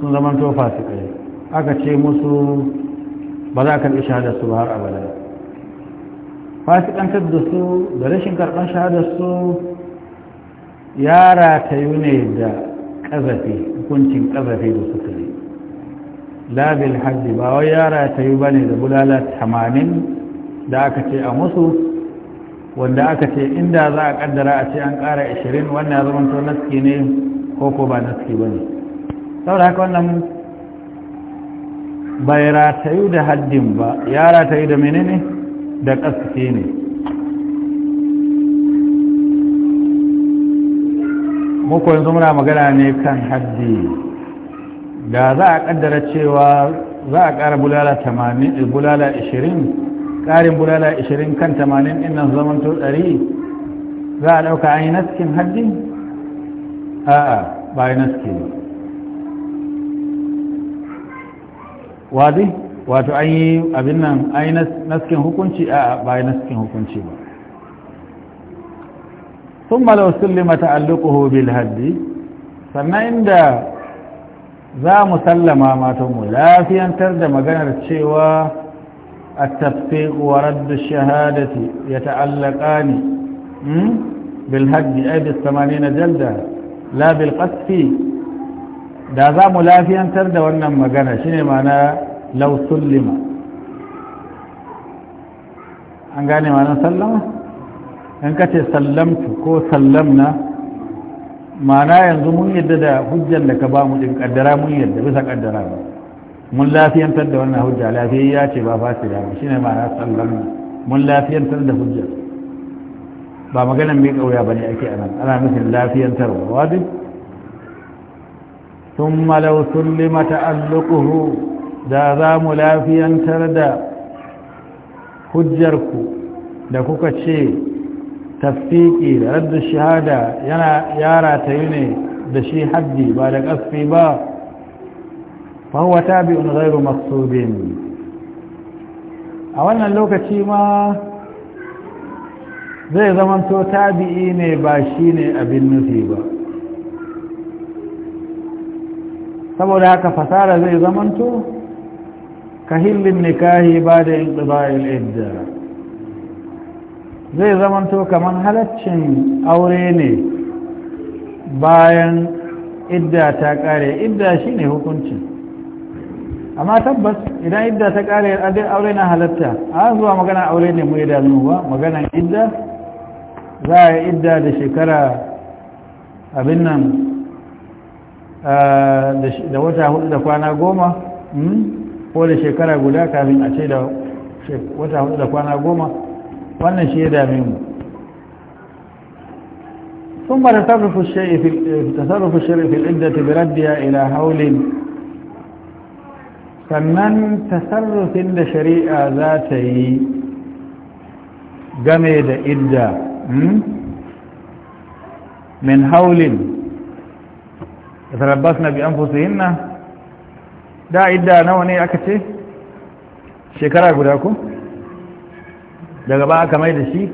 sun zama su fasikai aka ce musu ba za ka ɗi shahadar su har abada fasikantar da su da rashin karɓar shahadar su ya ratayu ne da ƙazafi hukuncin ƙazafi da suka yi labil hajji ba wai ya ratayu ba ne da bulala tamanin da aka ce a musu wanda aka ce inda za a ƙaddara a ce an ƙara 20 wannan ya zama to naski ne ko ko ba naski ba ne saboda haka wannan bai ratayu da haddin ba ya ratayu da menene da ƙasashe ne muku yanzu muna magana ne kan haddi da za a ƙaddara cewa za a ƙara bulala 80 eh, bulala 20 ƙarin bulala 20 kan 80 ɗinnan zamanto 100 za a ɗauka an yi naskin haddi? a'a ba yi naskin ba wadi wato an yi abin nan an yi naskin hukunci a ba yi naskin hukunci ba sun malau sullima ta'alluquhu bil haddi sannan inda za mu sallama matanmu lafiyantar da maganar cewa التفقيق ورد الشهادة يتعلقان بالهد أي بالثمانين جلدة labil بالقذف da za mu lafiyantar da wannan magana shine mana lima. an gane ma'anar sallama in ka ce sallamtu ko sallamna mana yanzu mun yadda da hujjan da ka ba mu din kaddara mun yadda bisa kaddara ba mun lafiyantar da wannan hujja ya ce ba fasida ba shine ma'ana sallamna mun lafiyantar da hujja ba maganan mai kauya bane ake anan ana nufin lafiyantarwa wadin ثم لو سلم تألقه da za mu lafiyantar da hujjarku da kuka ce tafiki da raddu shahada yana yara ta yi ne da shi haddi ba da ƙasfi ba fahuwa tabi'un zairu maksudin a wannan lokaci ma zai zamanto tabi'i ne ba shi ne abin nufi ba saboda haka fasara zai zamanto kahillin nikahi ba da yin ƙibayil idda zai zamanto kamar halaccin aure ne bayan idda ta ƙare idda shi ne hukuncin amma tabbas idan idda ta ƙare adin aure na halatta a zuwa magana aure ne mu yi damuwa maganan idda za a yi idda da shekara abin nan da wata hudu da kwana goma ko da shekara guda kafin a ce da wata hudu da kwana goma wannan shi ya dame mu ثم تصرف الشيء في تصرف الشيء في العدة بردها إلى هول sannan tasarrufin da shari'a za ta yi game da idda min haulin Da idda nawa ne aka ce? Shekara guda ku? daga ba aka mai da shi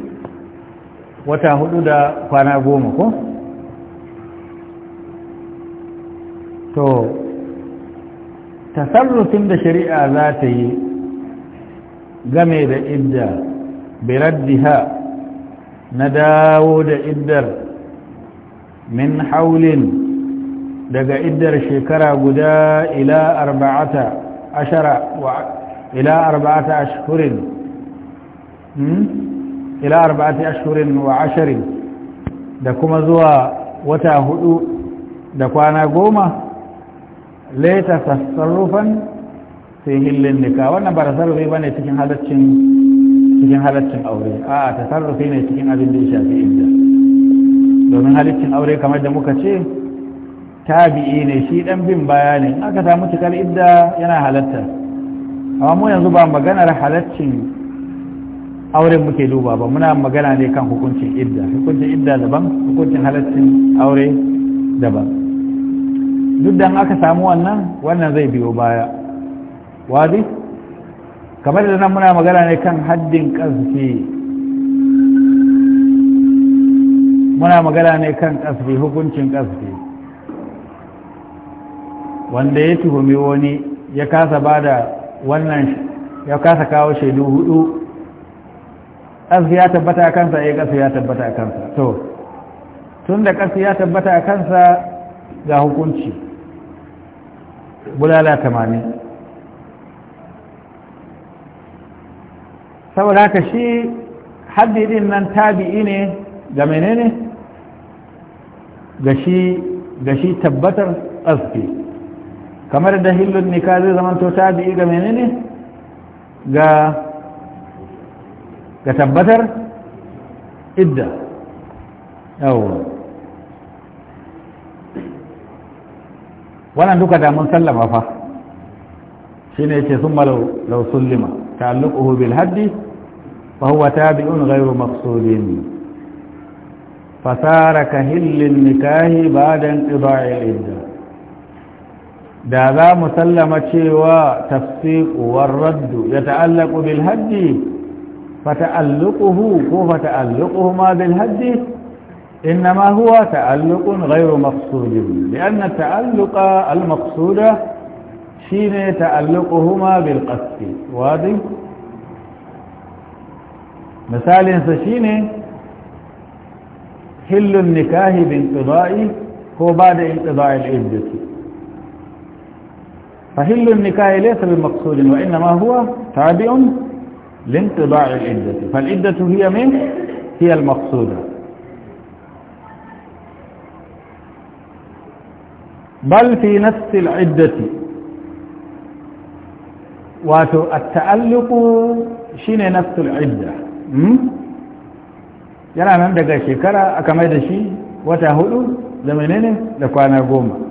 wata hudu da kwana goma ko? to tasarrufin da shari'a za ta yi game da idda biraddiha na dawo da iddar min haulin daga iddar shekara guda ila arba'ata ashara wa ila arba'ata ashhurin hmm? ila arba'ati ashhurin wa asharin da kuma zuwa wata hudu da kwana goma laita tasarrufan fi hillin nika wannan ba tasarrufi bane cikin halaccin cikin halaccin aure a tasarrufi ne cikin abin da ya shafi idda domin halaccin aure kamar da muka ce tabi'i ne shi dan bin baya ne aka samu cikar idda yana halatta amma mu yanzu ba maganar halaccin auren muke duba ba muna magana ne kan hukuncin idda hukuncin idda daban hukuncin halaccin aure daban duk da aka samu wannan wannan zai biyo baya wadi kamar da nan muna magana ne kan haddin kasfi muna magana ne kan kasfi hukuncin kasfi wanda ya tuhumi wani ya kasa bada wannan ya kasa kawo shaidu hudu ƙasa ya tabbata a kansa ya eh, ƙasa ya tabbata a kansa to tun da ƙasa ya tabbata a kansa ga hukunci bulala tamanin saboda ka shi haddidin nan tabi'i ne ga menene ga shi tabbatar ƙasfi kamar da hillun nika zai zamanto tabi'i ga menene ga ga tabbatar idda yawon wannan duka damun sallama fa shi ne ce sun malau sullima ta'alluquhu bil haddi fa huwa tabi'un ghayru maqsudin fasara ka hillin nikahi ba'da inqida'i idda da za mu sallama cewa tafsiruwar raddu ya ta’allaku bil haddi fata’allukuhu ko fata’allukuhu ma bil haddi inna ma huwa ta’allukun gairu maksudin da yan na ta’alluka al-maksuda shi ne ta’allukuhu ma misalinsa shi ne hillun nikahi bin tsibai ko ba da yin tsibai فهل النكاح ليس بمقصود وإنما هو تابع لانقضاع العدة فالعدة هي من هي المقصودة بل في نفس العدة والتألق شين نفس العدة yana nan daga shekara aka mai da shi wata hudu da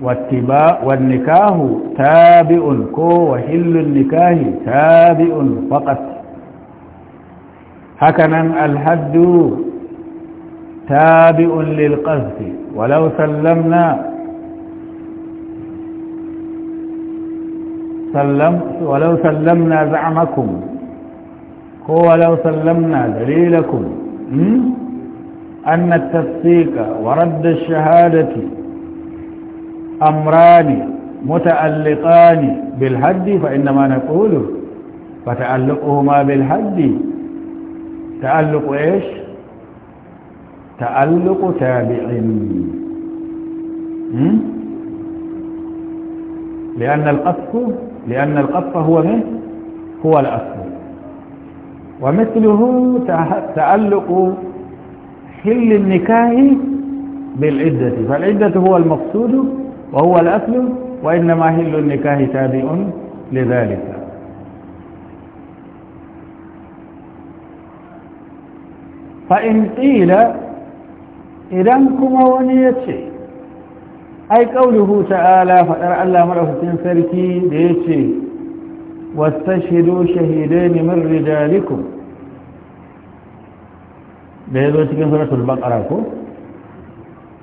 واتباع والنكاه تابع كو وحل النكاه تابع فقط هكذا الحد تابع للقذف ولو سلمنا سلم ولو سلمنا زعمكم هو لو سلمنا دليلكم أن التصديق ورد الشهادة أمران متألقان بالحد فإنما نقول فتألقهما بالحد تألق إيش تألق تابع لأن القصف لأن القصف هو من هو الأصل ومثله تألق حل النكاه بالعدة فالعدة هو المقصود وهو الأصل وإنما حل النكاه تابع لذلك فإن قيل إذا كما ونيتش أي قوله تعالى فأرى الله مرحبتين سركي ديتش واستشهدوا شهيدين من رجالكم بهذا تكون سورة البقرة كو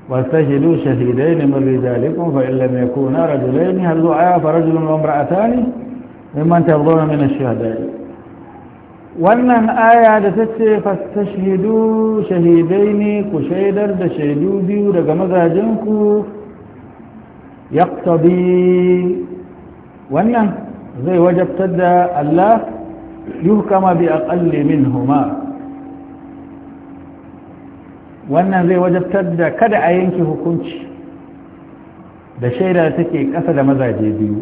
وتجدوا شهيدين من رجالكم فإن لم يكونا رجلين هل دعاء فرجل وامرأتان ممن تفضون من الشهداء وان آية دست فاستشهدوا شهيدين قشيدر دشهدوا بيو دقمغا جنكو يقتضي وان زي وجب تدى الله يهكم بأقل منهما wannan zai wajabtar da kada a yanke hukunci da shaida da take ƙasa da mazaje biyu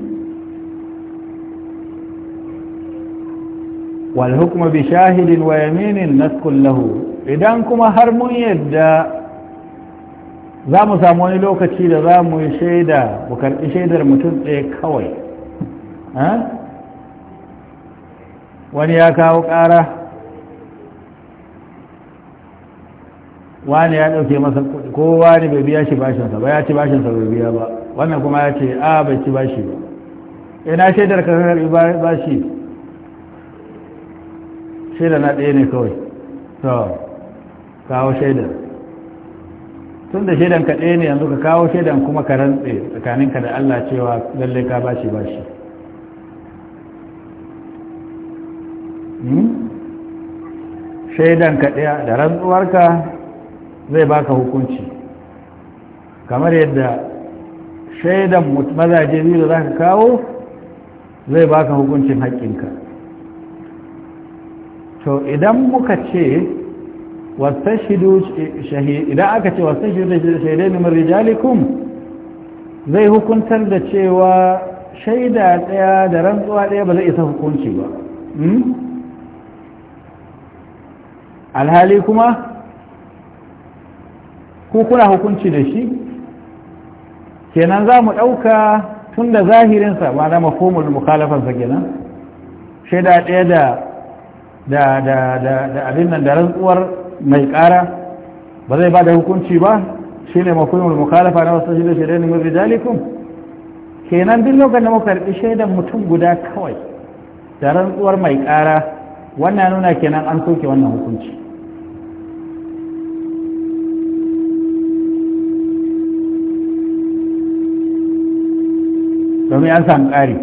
wal bi shahidin wa yaminin naskun lahu idan kuma har mun yadda za mu samu wani lokaci da za mu yi shaida mu karɓi shaidar mutum ɗaya kawai wani ya kawo ƙara wani ya ɗauke masa kuɗi ko wani bai biya shi bashinsa ba ya ci bashinsa bai biya ba wannan kuma ya ce a bai ci bashi ba ina eh, shaidar ka karɓi bashi Shaidar na ɗaya ne kawai to kawo shaidar tun da shaidan ka ɗaya ne yanzu ka kawo shaidan kuma ka rantse tsakaninka da Allah cewa lallai ka bashi bashi hmm? shaidan ka ɗaya da rantsuwarka zai baka hukunci kamar yadda shaidan mazaje biyu da za ka kawo zai baka hukuncin haƙƙinka to idan muka ce idan aka ce wastashidu shaidai min rijalikum zai hukuntar da cewa shaida ɗaya da rantsuwa ɗaya ba zai isa hukunci ba hmm? alhali kuma ko kuna hukunci da shi kenan za mu ɗauka tun da zahirinsa ba na mafomul mukhalafansa kenan shaida ɗaya da da da da da abin nan da rantsuwar mai ƙara ba zai ba da hukunci ba shi ne mafomul mukhalafa na wasu shaida shaida ne mai rijalikum kenan duk lokacin da muka karɓi shaidan mutum guda kawai da rantsuwar mai ƙara wannan nuna kenan an soke wannan hukunci domin an samu ƙari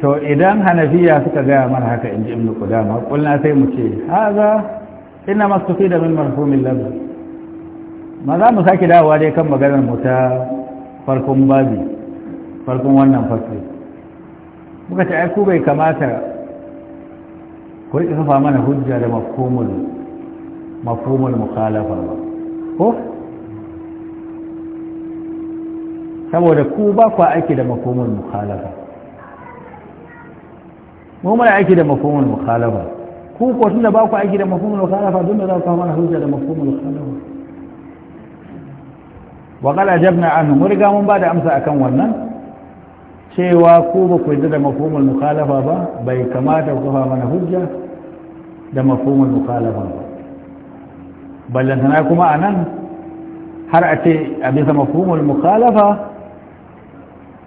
to idan hanafiya suka gaya mana haka in ji ibnu qudama kulna sai mu ce haza inna mastufi da min marhumin labu ma za mu sake dawowa dai kan maganar mu ta farkon babi farkon wannan fasli muka ce aiku bai kamata ku rika kafa mana hujja da mafhumul mafhumul mukhalafa ba ko saboda ku ba ku aiki da makomar mukhalafa mu muna aiki da makomar mukhalafa ku ko tunda ba ku aiki da makomar mukhalafa don da za ku mana hujja da makomar mukhalafa wa qala jabna anhu mun riga mun ba da amsa akan wannan cewa ku ba ku yadda da makomar mukhalafa ba bai kamata ku kafa mana hujja da makomar mukhalafa ba ballantana kuma anan har a ce a bisa makomar mukhalafa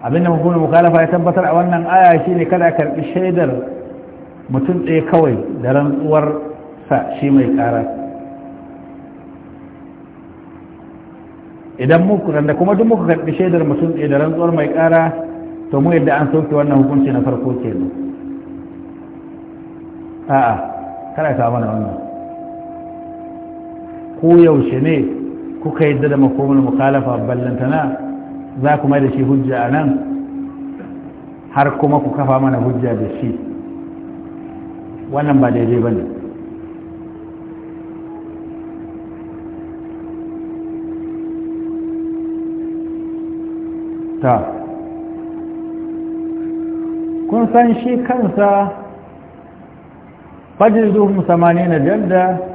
abinda hukumar mukalafa ya tabbatar a wannan aya ne kada karbi shaidar mutum ɗaya kawai da rantsuwar sa shi mai ƙara idan muku da kuma duk muka karbi shaidar mutum ɗaya da rantsuwar mai ƙara to mu yadda an sauke wannan hukunci na farko kenan a'a kada ka mana wannan ko yaushe ne kuka yadda da makomar mukalafa ballantana za ku mai da shi hujja a nan har kuma ku kafa mana hujja da shi wannan ba daidai ba ne ta kun san shi kansa fajin zuhun 80 na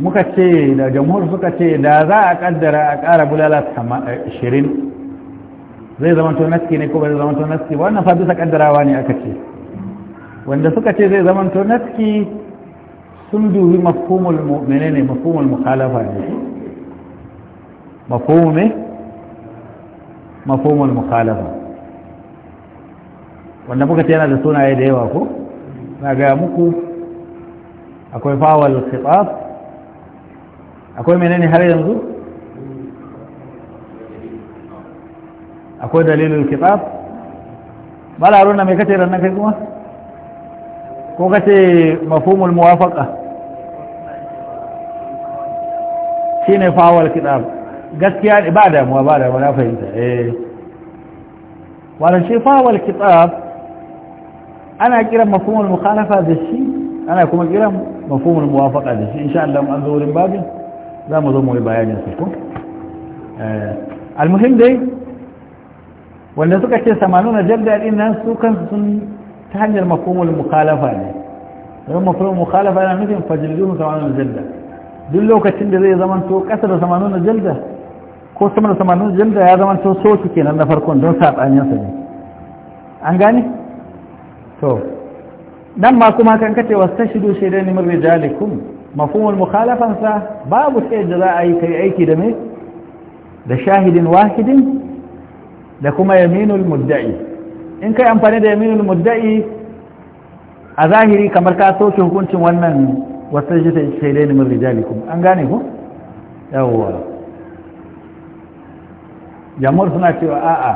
muka ce da jamhur suka ce da za a kaddara a ƙara bulala 20 eh, zai zama to naski ne ko ba zai zama to naski ba wannan fa bisa kaddarawa ne aka ce wanda suka ce zai zama to naski sun dubi mafhumul ne mafhumul mukhalafa ne mafhumu ne mafhumul mukhalafa wanda muka ce yana da sunaye da yawa ko na ga muku akwai fawal khitab akwai menene har yanzu akwai dalilin kitab mala haruna mai kace ranar kai kuma ko kace mafhumul muwafaqa shine fawal kitab gaskiya ne ba damuwa ba damuwa na fahimta eh wala shi fawal kitab ana kiran mafhumul mukhalafa da shi ana kuma kiran mafhumul muwafaqa da shi insha Allah an zo wurin babin za mu zo mu yi bayanin su ko eh, almuhim dai wanda suka ce samanu na Jarda din nan su kansu sun ta hanyar makomul mukhalafa ne don makomul mukhalafa yana nufin fajilun samanu na Jarda. duk lokacin da zai to kasa da samanu na Jarda, ko sama da samanu na Jarda ya to soki kenan na farkon don sabanin sa ne an gane to nan ma kuma kan kace wasta tashidu shaidan min rijalikum mafhumul mukhalafansa babu sai da za a yi kai aiki da me da shahidin wahidin da kuma yaminul mudda'i in kai amfani da yaminul mudda'i a zahiri kamar ka soke hukuncin wannan wasu shaidai ne min rijalikum an gane ku yawwa jamur suna cewa a'a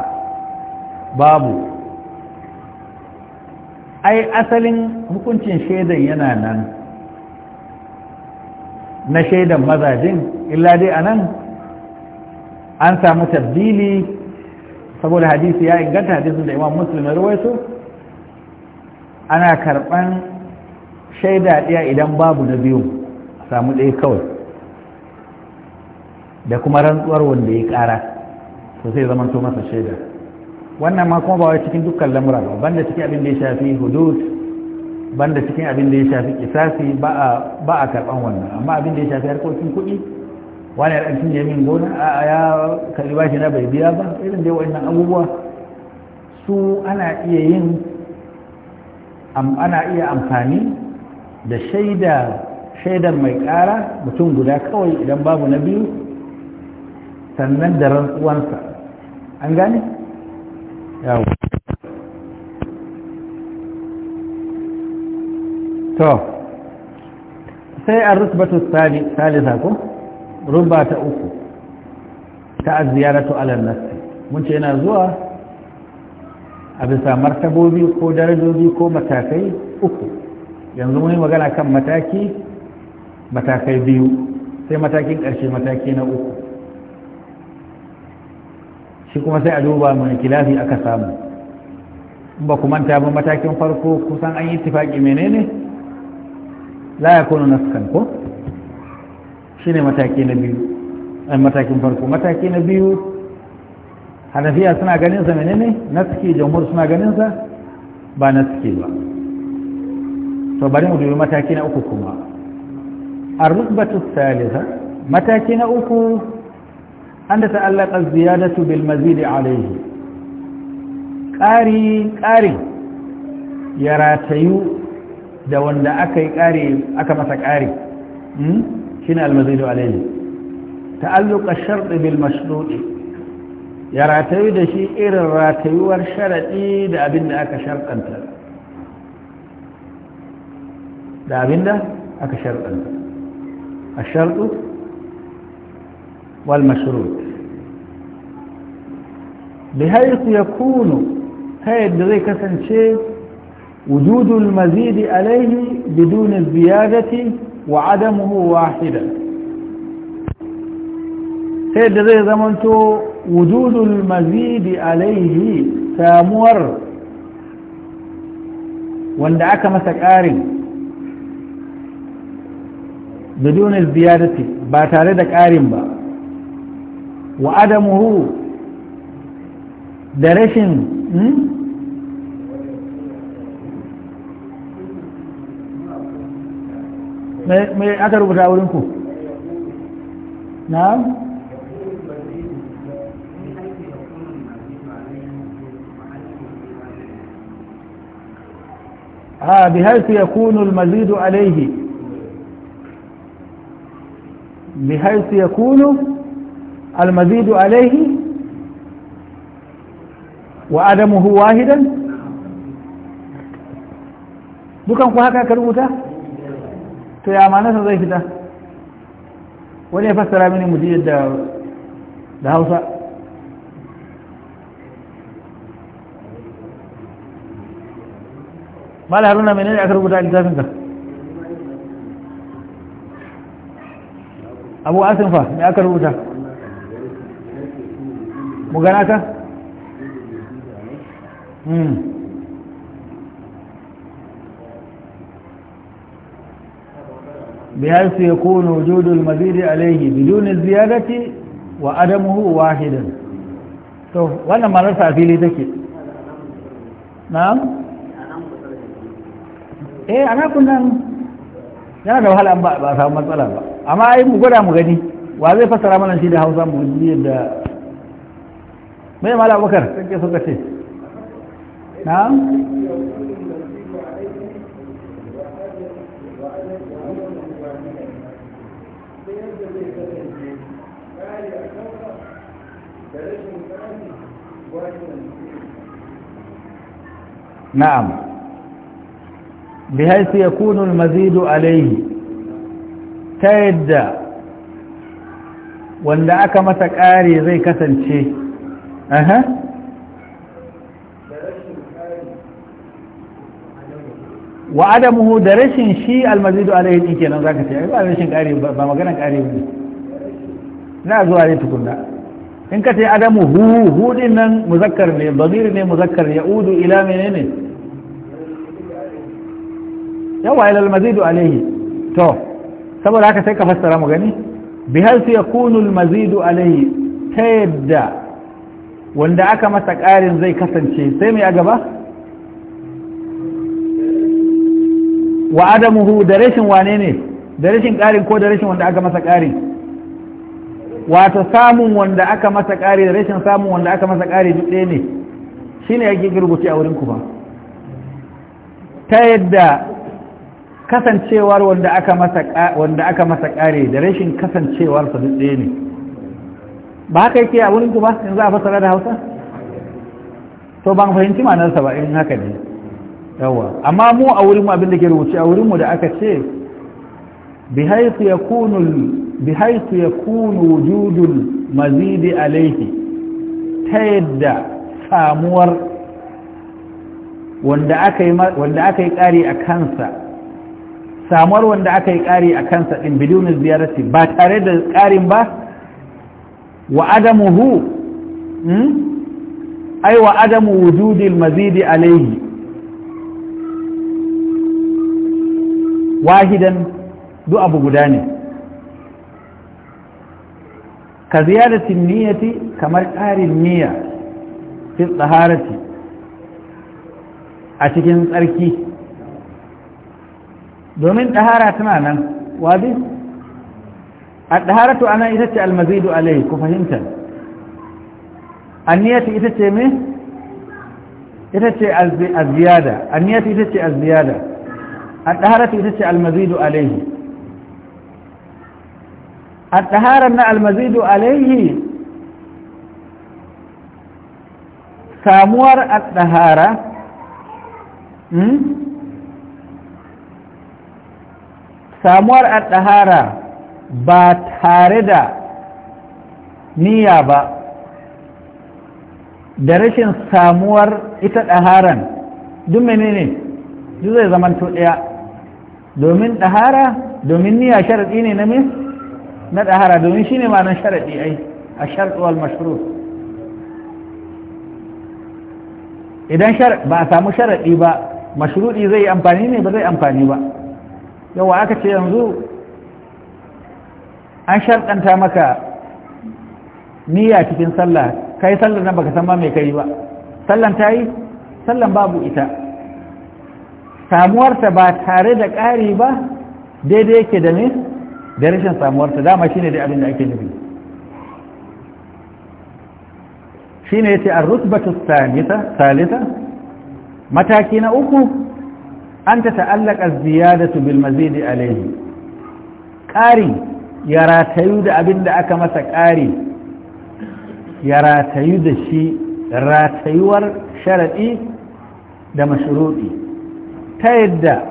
babu ai asalin hukuncin shaidan yana nan na shaidan mazajin illa dai anan an samu tabbili saboda hadisi ya inganta hadisin da imam muslim ya ana karɓan shaida ɗaya idan babu na biyu samu ɗaya kawai da kuma rantsuwar wanda ya ƙara to sai zama to masa shaida wannan ma kuma ba wai cikin dukkan lamura ba banda cikin abin da ya shafi hudud banda cikin abin da ya shafi kisasi ba a karban wannan amma abin da ya shafi harkokin kuɗi wani yar aikin yamin gona a ya karbi bashi na bai biya ba irin da wa'annan abubuwa su ana iya yin ana iya amfani da shaida shaidan mai ƙara mutum guda kawai idan babu na biyu sannan da rantsuwansa an gane yawo to sai a rutbatu salisa ko rumba ta uku ta aziyaratu alal nafsi mun ce yana zuwa a bisa martabobi ko darajobi ko matakai uku yanzu mun yi magana kan mataki matakai biyu sai matakin ƙarshe mataki na uku shi kuma sai a duba mai kilafi aka samu ba ku manta ba matakin farko kusan an yi tufaƙi menene la ya kone naskan ko shi ne mataki na biyu ɗan matakin farko mataki na biyu hanafiya suna ganinsa menene naski jamhur suna ganinsa ba naski ba to bari mu dubi mataki na uku kuma a rukbatu salisa mataki na uku an da ta'allaka ziyadatu bil mazidi alaihi ƙari ƙarin ya ratayu da wanda aka yi kare aka masa kare ne almazidu alayhi ta'alluqa ash bil mashruti ya ratayu da shi irin ratayuwar sharadi da abin da aka shartanta da abin da aka shartanta ash shartu wal mashrut bihaythu yakunu hayad zai kasance وجود المزيد عليه بدون الزيادة وعدمه واحدا سيد زي زمنتو وجود المزيد عليه سامور واندعك مسكاري بدون الزيادة باتاردك آرم با وعدمه درشن mai aka rubuta wurin ku na ha ah, bi haifu ya kunu mazidu alaihi bi haifu ya kunu almazidu alaihi wa adamuhu wahidan dukan ku haka ka rubuta to ya manasa zai fita wani ya fassara mini mutum da hausa mala haruna menene aka rubuta a ka abu asin fa me aka rubuta mu gana ka? Hmm. بحيث يكون وجود المزيد عليه بدون الزيادة وعدمه واحدا to wannan marasa fili take na'am eh ana kunan yana da wahala ba ba samu matsala ba amma ai mu gwada mu gani wa zai fassara mana shi da Hausa mu ji yadda mai mala bakar kake so ce na'am na'am bihaisu ya kunun mazidu alaihi ta yadda wanda aka masa ƙari zai kasance wa adamuhu da rashin shi almazidu alaihi din kenan zaka ce ai ba rashin ƙari ba maganan ƙari ne na zuwa ne tukunna in ka ce adamu hu hu din nan muzakkar ne bazir ne muzakkar ya udu ila menene yawa ila almazidu alaihi to saboda haka sai ka fassara mu gani bi hal yakunu almazidu alaihi ta yadda wanda aka masa ƙarin zai kasance sai mai a gaba wa Adamu hu da rashin wane ne da rashin ƙarin ko da rashin wanda aka masa ƙarin wato samun wanda aka masa kare da rashin samun wanda aka masa kare duk ɗaya ne shi ne yake girguci a wurin ba ta yadda kasancewar wanda aka masa kare da rashin kasancewarsa duk ɗaya ne ba haka yake a wurin ba in za a fasara da hausa to ban fahimci manarsa ba in haka ne yawa amma mu a wurinmu abin da ke rubuci a wurinmu da aka ce bihaifu ya kunul بحيث يكون وجود المزيد عليه تيد سامور wanda aka samuwar wanda aka yi ƙari a kansa ɗin biliyonin ziyarati, ba tare da ƙarin ba wa adamuhu ai wa adamu mazidi alaihi wahidan duk abu guda ne ka ziyaratin niyyati kamar ƙarin niyya fi tsaharati a cikin tsarki domin ɗahara tana nan wadi a ɗaharatu ana ita ce almazidu alai ku fahimta anniyati ita ce me ita ce a a anniyati ita ce a aziyada a ɗaharatu ita ce almazidu alaihi الطهارة na المزيد عليه سامور الطهارة samuwar al-dahara ba tare da niya ba da rashin samuwar ita daharan duk menene duk zai zamanto ɗaya domin dahara domin niyya sharaɗi ne na min na ɗahara domin shi ne ma'anar sharaɗi ai a sharɗuwar mashuru idan ba a samu sharaɗi ba mashruɗi zai yi amfani ne ba zai amfani ba yawa aka ce yanzu an sharɗanta maka niyya cikin sallah kai sallar nan baka san ma mai kai ba sallan ta yi sallan babu ita samuwarta ba tare da ƙari ba daidai yake da ne da rashin samuwarta dama shine dai abin da ake nufi shine yace ar-rutbatu thalitha thalitha mataki na uku an ta ta'allaka ziyadatu bil mazidi alayhi ƙari ya ratayu da abin da aka masa ƙari ya ratayu da shi ratayuwar sharaɗi da mashruɗi ta yadda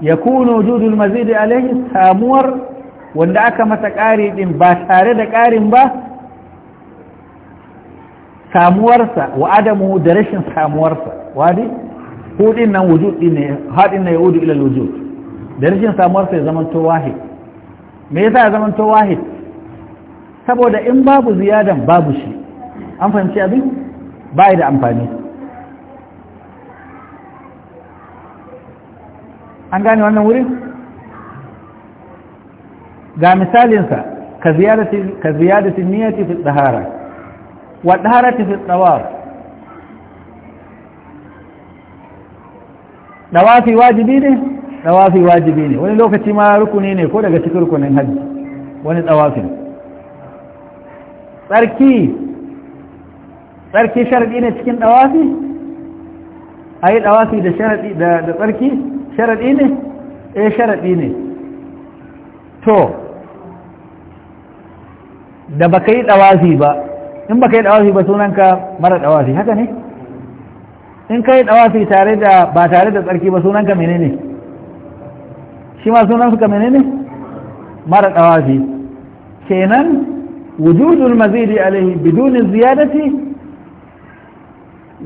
ya kuna judul mazidi alayhi samuwar wanda aka masa ƙari ɗin ba tare da ƙarin ba samuwarsa wa adamu da rashin samuwarsa wadi hudin nan wujud ɗin ne haɗin na yahudu ilal wujud da rashin samuwarsa ya zamanto wahid me yasa ya zamanto wahid saboda in babu ziyadan babu shi an fahimci abin ba da amfani an gane wannan wurin ga misalinsa ka ziyadatin niyyati fi tsahara wa tsaharati fi tsawar dawafi wajibi ne dawafi wajibi ne wani lokaci ma rukuni ne ko daga cikin rukunin hajji wani tsawafin tsarki tsarki sharaɗi ne cikin dawafi a yi dawafi da da tsarki sharaɗi ne eh sharaɗi ne to da ba ka yi ɗawafi ba in ba ka yi ɗawafi ba sunanka mara ɗawafi haka ne in ka yi ɗawafi ba tare da tsarki ba sunanka menene shi ma sunanka menene mara ɗawafi kenan wujudul mazidi alaihi bidunin ziyadati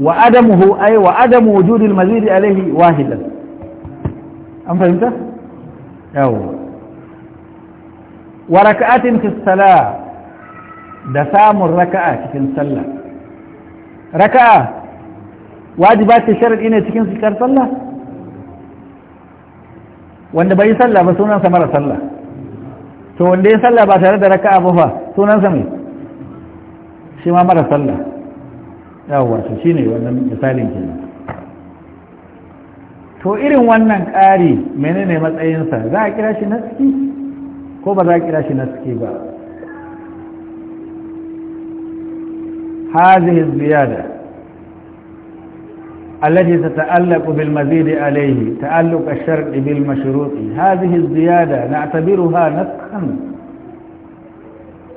wa adamuhu ai wa adamu wujudul mazidi alaihi wahidan an fahimta yawo wa raka'atin fi salat da samun raka'a cikin sallah raka'a wajiba ce sharadi ne cikin sikar sallah wanda bai sallah ba sunansa mara sallah to wanda ya sallah ba tare da raka'a ba fa sunansa mai shi ma mara sallah yawwa shi shine wannan misalin kenan to irin wannan ƙari menene matsayinsa za a kira shi naski ko ba za a kira shi naski ba هذه الزيادة التي تتألق بالمزيد عليه تألق الشرع بالمشروط هذه الزيادة نعتبرها نسخا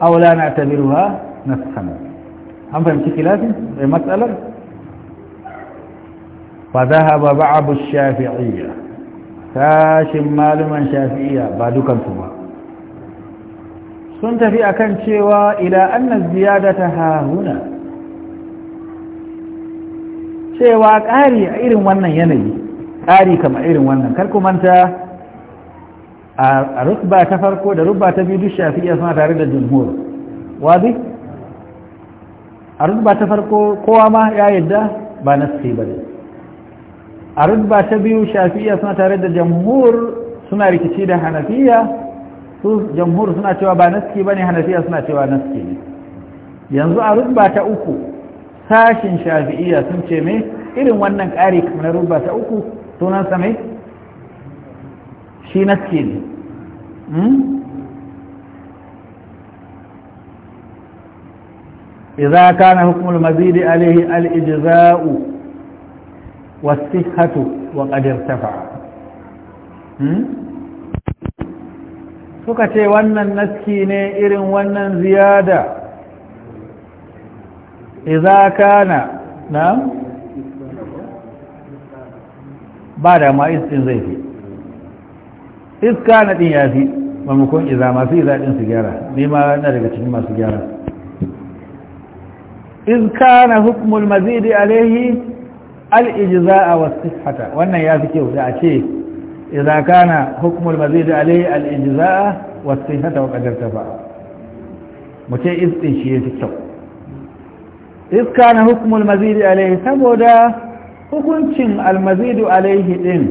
أو لا نعتبرها نسخا هم فهمت أي مسألة؟ فذهب بعض الشافعية sashin maluman shafi'iyya بعدك انتما سنت في أكن akan إلى أن الزيادة ها هنا cewa ƙari a irin wannan yanayi ƙari kama irin wannan karku manta a rukba ta farko da rukba ta biyu duk shafi'iyya suna tare da jumhur wazi a rukba ta farko kowa ma ya yadda ba na suke ba a rukba ta biyu shafi'iyya suna tare da jamhur suna rikici da hanafiya su jamhur suna cewa ba naski ba ne hanafiya suna cewa naski ne yanzu a rukba ta uku sashin shafi'iyya sun ce mai irin wannan ƙari na ruba ta uku sunansa mai shi naske ne إذا كان حكم المزيد عليه الإجزاء والصحة وقد ارتفع suka ونن نسكيني إرن ونن زيادة iza kana na ba da ma iskin zai fi iska na ɗin ya fi mamakon iza masu iza ɗin su gyara nema na daga cikin masu gyara iska na hukumul mazidi alaihi al'ijiza a wasu hata wannan ya fi kyau da a ce iza kana hukumul mazidi alaihi al'ijiza a wasu hata wa ƙadarta ba mu ce iskin shi ya fi kyau iska na hukumul mazidi alaihi saboda hukuncin almazidu alaihi din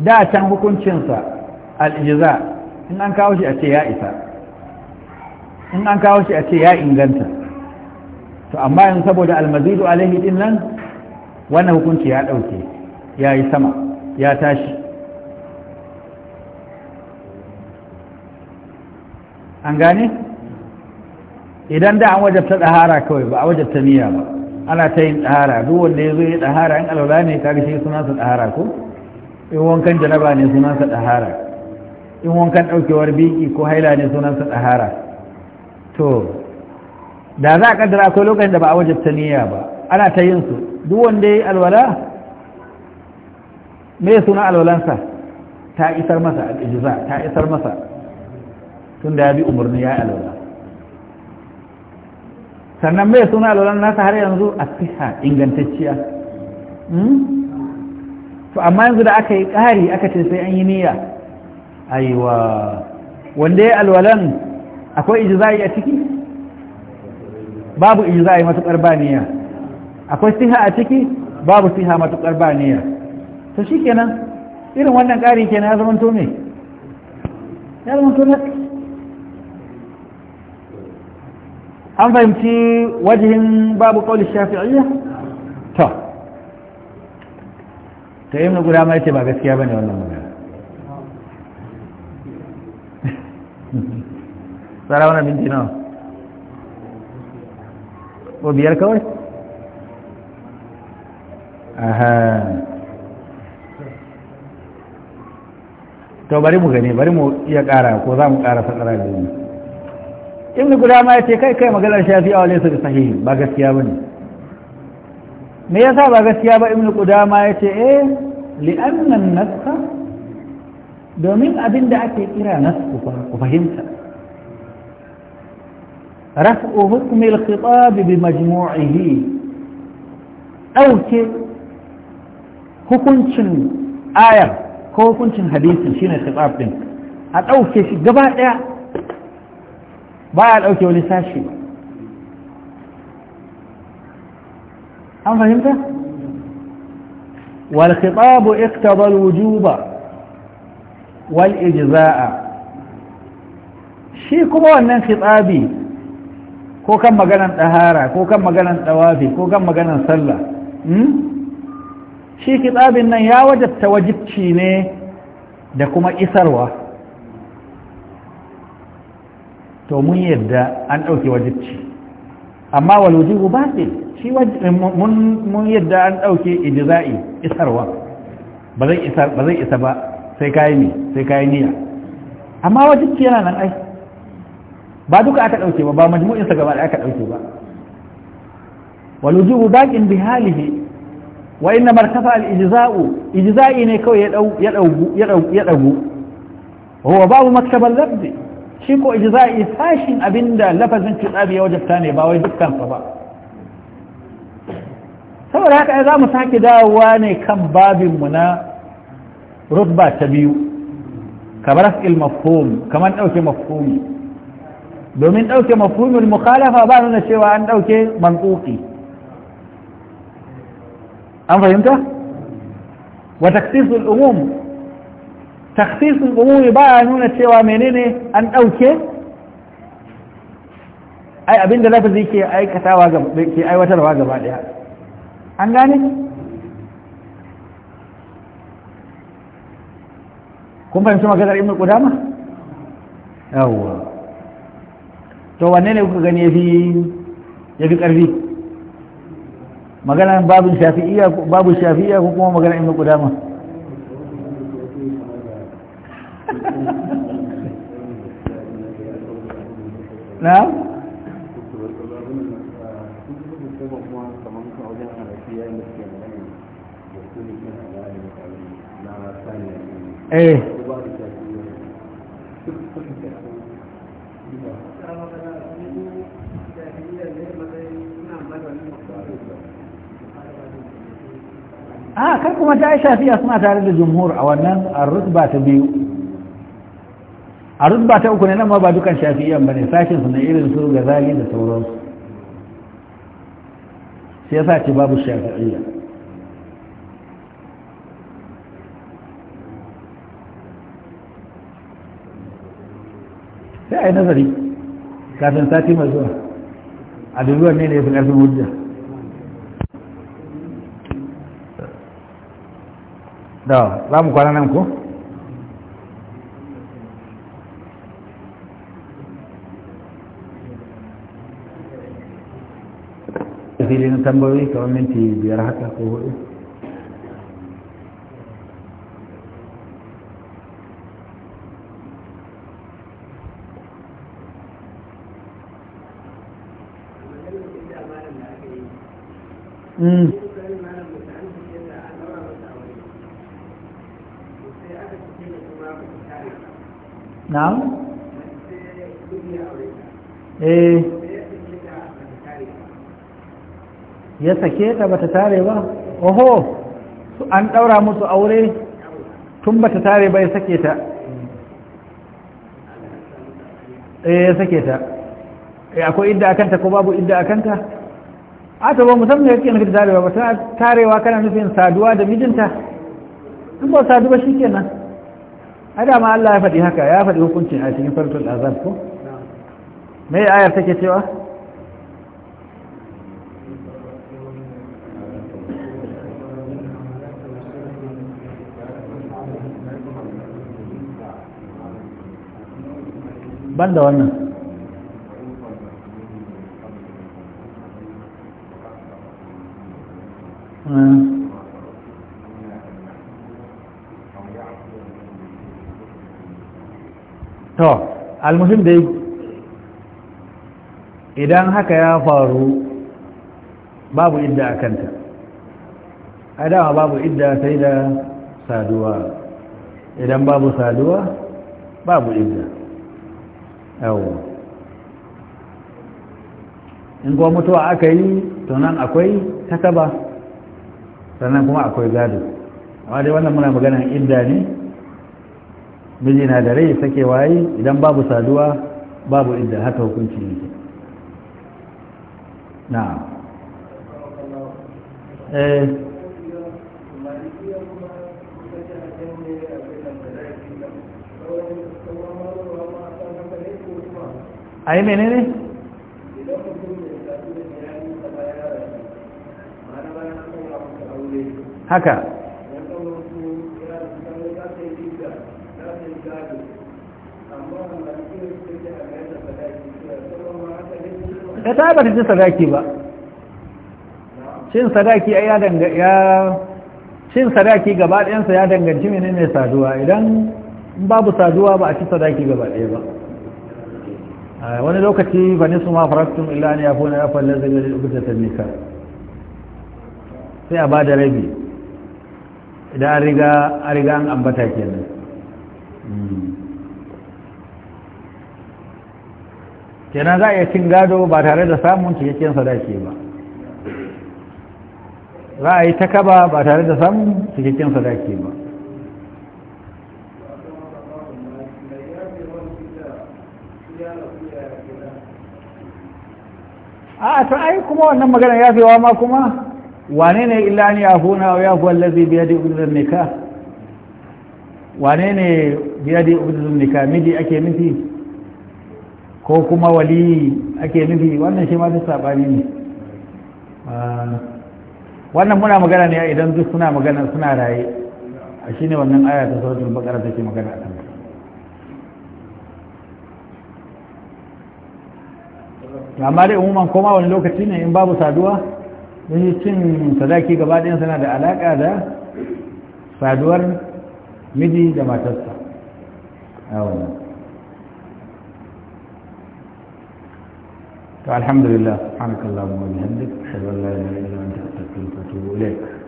da can hukuncinsa al'ijiza in an kawo shi a ce ya isa in an kawo shi a ce ya inganta to amma in saboda almazidu alaihi din nan wannan hukunci ya ɗauke ya yi sama ya tashi an gane? idan da an wajabta ɗahara kawai ba a wajabta niyya ba ana ta yin ɗahara duk wanda ya zo ya ɗahara in alwala ne ka shi sunansa ɗahara ko in wankan janaba ne sunansa ɗahara in wankan ɗaukewar biki ko haila ne sunansa ɗahara to da za a kaddara akwai lokacin da ba a wajabta niyya ba ana ta yin su duk wanda ya yi alwala me suna alwalansa ta isar masa ƙijiza ta isar masa tun da ya bi umarni ya yi alwala sannan mai suna alwalan nasa har yanzu a siha ingantacciya hmm? to amma yanzu da aka yi ƙari aka ce sai an yi niyya aiwa wanda ya alwalan akwai za a ciki babu yi matuƙar ba niyya akwai siha a ciki babu siha matuƙar ba niyya to kenan irin wannan ƙari kenan ya zama to ne ya zama to ne an fahimci wajihin babu kawai shafi'iyya to ta yi na guda mai ce ba gaskiya ba ne wannan magana tsara wani minti nawa ko biyar kawai aha to bari mu gani bari mu iya kara ko za mu kara sakara da yi ibn gudama ya ce kai kai maganar shafi'a wa laysa sahihi ba gaskiya ba ne me ya sa ba gaskiya ba ibn gudama ya ce eh li'annan nasa domin abin da ake kira nasa ku fahimta رفع حكم الخطاب بمجموعه ɗauke hukuncin ayar ko hukuncin hadisin shine kibab din a dauke shi gaba ɗaya ba ya ɗauke wani sashi an fahimta? walkhitabu iktabal wujuba wal ijza'a shi kuma wannan fitsabi ko kan maganan ɗahara ko kan maganan ɗawafi ko kan maganan sallah hmm? shi fitsabin nan ya wajabta wajibci ne da kuma isarwa to mun yadda an ɗauke wajibci amma wal ba batil shi eh, mun yadda an ɗauke ijza'i isarwa ba zai isa ba sai kayi ne sai kai niyya amma wajibci yana nan ai ba duka aka ɗauke ba ba majmu'in sa gaba da aka ɗauke ba wal wajibu baqin bi halihi wa inna martafa al ijza'u ijza'i ne kawai ya dau wa dau ya dau ya babu maktabal lafzi shi ko ijza'i sashin abinda lafazin fitsabi ya wajabta ne ba wai dukkan ba saboda haka za mu sake dawowa ne kan babinmu na rutba ta biyu kamar as'il mafhum kamar ɗauke mafhumi domin ɗauke mafhumin mukhalafa ba nuna cewa an ɗauke mantuki an fahimta wa taksisul umum takhsisul umumi baya nuna cewa menene an dauke ai abinda lafazi ke aikatawa ga ke aiwatarwa gaba daya an gane kun fahimci maganar ibn qudama yawwa to wanne ne kuka gani ya fi karfi maganar babu shafi'iyya babu shafi'iyya ko kuma maganar ibn qudama na eh. a ah, kar kuma ta yi shafiya suna tare da jumhur a wannan rutba ta biyu a rutba ta uku ne nan ma ba dukan shafi'iyan ba ne sashin su na irin su ga zali da su sai ya sace ce babu shafi'iyya sai a yi nazari kafin sati mai zuwa a duruwar ne ne ya fi ƙarfin hujja da za mu kwana nan ko? 'yan tambayoyi kamar minti biyar haka ko hudu hmm. na'am eh ya sake ta bata tare ba oho an ɗaura musu aure tun bata tare ba ya sake ta eh ya sake ta eh akwai idda akanta ko babu idda akanta a to ba musamman yake na tare ba ta tarewa kana nufin saduwa da mijinta in ba saduwa shikenan a dama Allah ya faɗi haka ya faɗi hukuncin a cikin farkon azab ko me ayar take cewa ban da wannan hmm. to almuhim dai idan haka ya faru babu idda a kanta a dama babu idda sai da saduwa idan babu saduwa babu idda in kuma mutuwa aka yi to nan akwai kataba sannan kuma akwai gado amma dai wannan muna magana inda ne miji na da rai sake waye idan babu saduwa babu inda haka hukunci ne na a yi menene haka ya eh, ta ba ta ci sadaki ba cin sadaki ya danga ya cin sadaki gaba ɗayansa ya danganci menene saduwa idan babu saduwa ba a ci sadaki gaba ɗaya ba Eh, wani lokaci ba su ma faraktun illa ne ya fona ya falle zai yi da tabbika sai a ba da rabi idan an riga an riga an ambata kenan hmm. kenan za a iya cin gado ba tare da samun cikakken sadaki ba za a yi ta kaba ba tare da samun cikakken sadaki ba to ai kuma wannan magana ya fi ma kuma wane ne illa ni ya funa wa ya huwa lazi biya da ubudun nika wane ne biya da ubudun nika miji ake nufi ko kuma wali ake nufi wannan shi ma duk sabani ne ah, wannan muna magana ne idan duk suna magana suna raye shine wannan aya ta suratul baqara take magana akan amma dai umuman koma wani lokaci ne in babu saduwa don cin sadaki gaba ɗayan sana da alaƙa da saduwar miji da matarsa to alhamdulillah subhanakallahumma wa bihamdik ashhadu an la ilaha illa anta astaghfiruka wa atubu ilayk